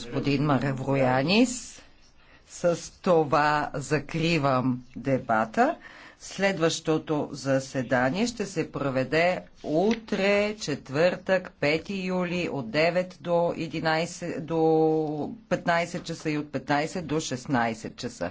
господин Маревроянис. С това закривам дебата. Следващото заседание ще се проведе утре, четвъртък, 5 юли от 9 до, 11, до 15 часа и от 15 до 16 часа.